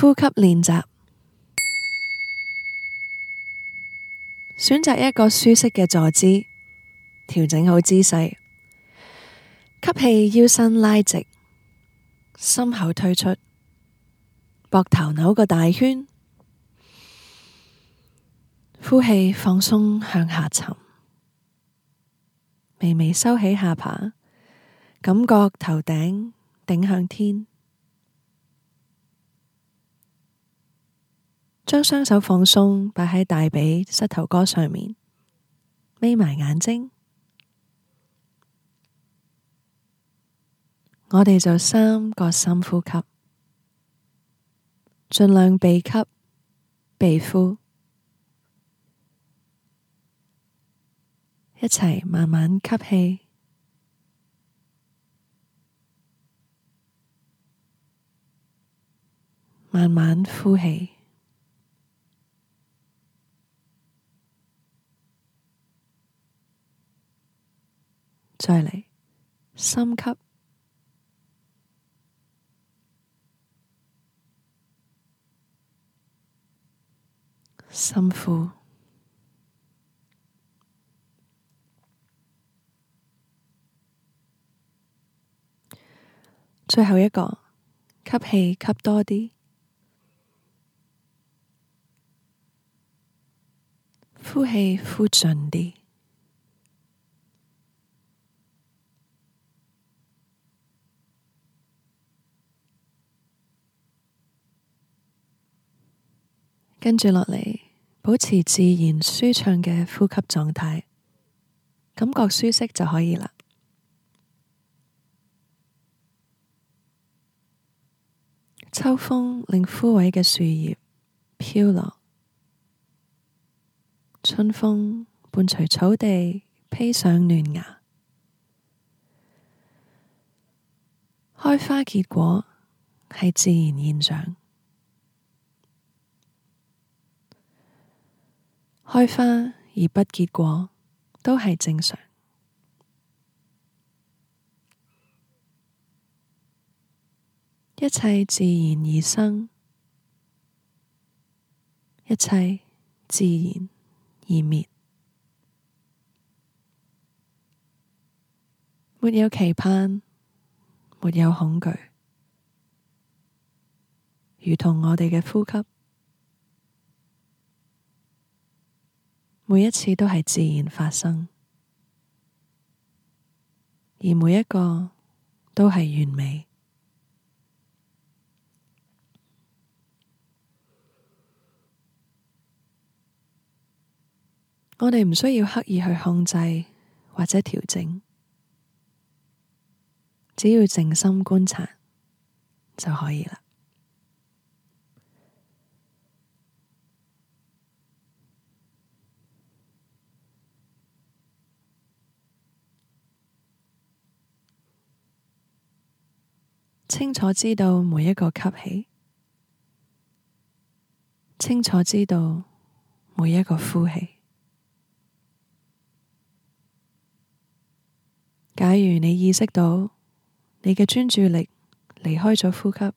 呼吸練習，選擇一個舒適嘅坐姿，調整好姿勢，吸氣腰身拉直，心口推出，膊頭扭個大圈，呼氣放鬆向下沉，微微收起下巴，感覺頭頂頂向天。將雙手放鬆，擺喺大髀、膝頭哥上面，眯埋眼睛。我哋做三個深呼吸，盡量鼻吸鼻呼，一齊慢慢吸氣，慢慢呼氣。再嚟，深吸，深呼，最後一個，吸氣吸多啲，呼氣呼盡啲。跟住落嚟，保持自然舒暢嘅呼吸狀態，感覺舒適就可以啦。秋風令枯萎嘅樹葉飄落，春風伴隨草地披上嫩芽，開花結果係自然現象。開花而不結果，都係正常。一切自然而生，一切自然而滅。沒有期盼，沒有恐懼，如同我哋嘅呼吸。每一次都係自然發生，而每一個都係完美。我哋唔需要刻意去控制或者調整，只要靜心觀察就可以啦。清楚知道每一個吸氣，清楚知道每一個呼氣。假如你意識到你嘅專注力離開咗呼吸，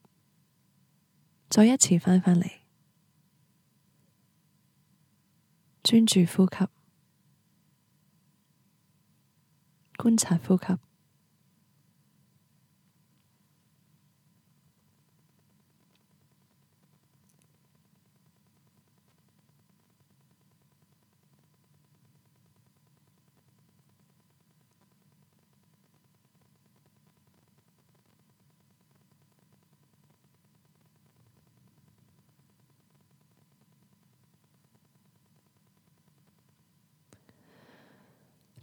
再一次返返嚟，專注呼吸，觀察呼吸。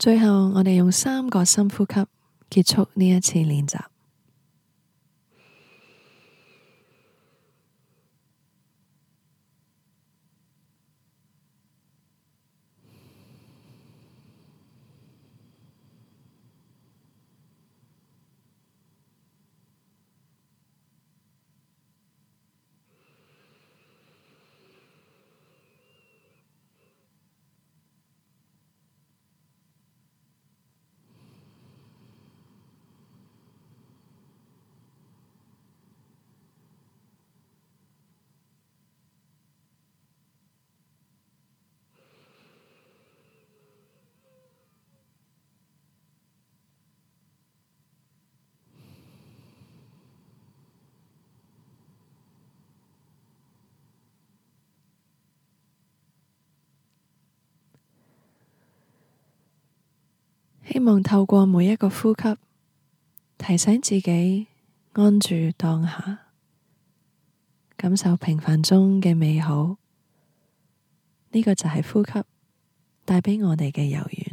最後，我哋用三個深呼吸結束呢一次練習。希望透過每一個呼吸，提醒自己安住當下，感受平凡中嘅美好。呢、呢個就係呼吸帶畀我哋嘅餘裕。